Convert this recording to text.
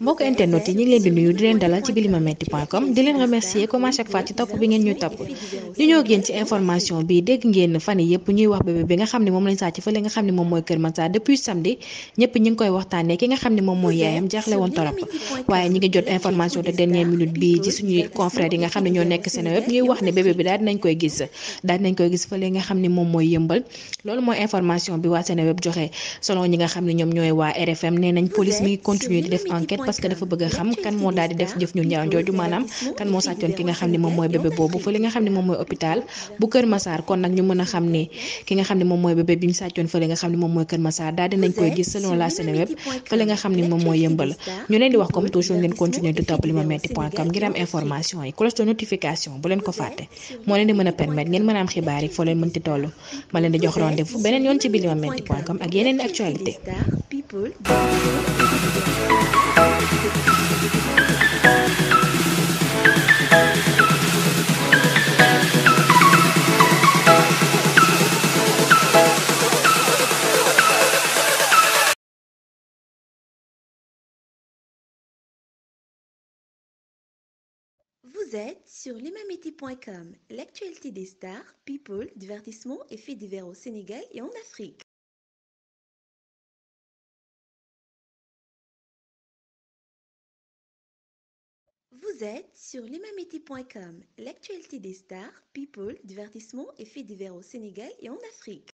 mbokk internet yi ñu ngi leen di nuyu di leen dalal ci bilimametti.com di leen remercier comme à chaque fois ci topp bi ngeen ñu topp ñu ñëw génn ci information bi dégg ngeen fan yëpp ñuy wax bébé bi nga xam ne moom lañ moom mooy Kër Massar depuis samedi ñëpp ñi ngi koy waxtaanee ki moom mooy yaayam jaaxle woon torop waaye ñi ngi ne ñoo nekk Seneweb ñuy wax ne bébé bi daal dinañ koy gis daal dinañ koy gis fële nga xam ne moom mooy yëmbal loolu mooy information bi waa Seneweb joxe selon ñi nga xam ne ñoom ñooy waa RFM nee nañ police mi ngi continuer di def enquête parce que dafa bëgg a xam kan moo daal di def jëf ñu ñaaw njooju maanaam kan moo sàccoon ki nga xam ne moom mooy bébé boobu fa li nga xam ne moom mooy hôpital bu Kër Massar kon nag ñu mën a xam ne ki nga xam ne moom mooy bébé bi ñu sàccoon fa li nga xam ne moom mooy Kër Massar daal dinañ nga xam ne moom mooy yëmbal ñu leen di wax comme toujours ngeen continuer di topp limametti point com ngir information yi cloche de notification bu leen ko fàtte Vous êtes sur l'imamiti.com, l'actualité des stars, people, divertissement et fait divers au Sénégal et en Afrique. Vous êtes sur l'imamiti.com, l'actualité des stars, people, divertissement et faits divers au Sénégal et en Afrique.